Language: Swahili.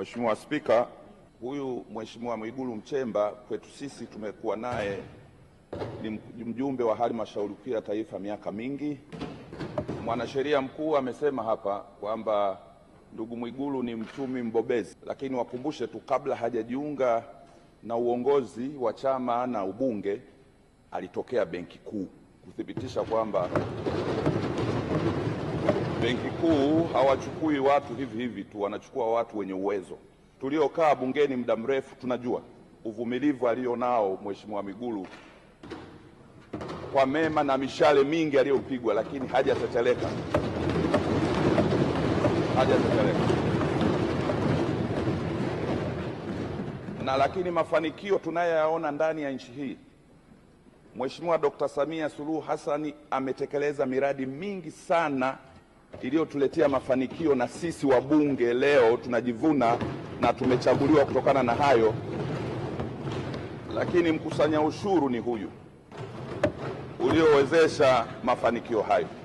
Mheshimiwa Spika, huyu Mheshimiwa Mwigulu mchemba kwetu sisi tumekuwa naye ni mjumbe wa halmashauri kuu ya taifa miaka mingi. Mwanasheria mkuu amesema hapa kwamba ndugu Mwigulu ni mchumi mbobezi, lakini wakumbushe tu, kabla hajajiunga na uongozi wa chama na ubunge alitokea Benki Kuu kuthibitisha kwamba Benki Kuu hawachukui watu hivi hivi tu, wanachukua watu wenye uwezo. Tuliokaa bungeni muda mrefu tunajua uvumilivu alionao Mheshimiwa miguru kwa mema na mishale mingi aliyopigwa, lakini hajateteleka, hajateteleka. Na lakini mafanikio tunayoyaona ndani ya nchi hii, Mheshimiwa Dkt. Samia Suluhu Hassan ametekeleza miradi mingi sana iliyotuletea mafanikio na sisi wabunge leo tunajivuna na tumechaguliwa kutokana na hayo. Lakini mkusanya ushuru ni huyu uliowezesha mafanikio hayo.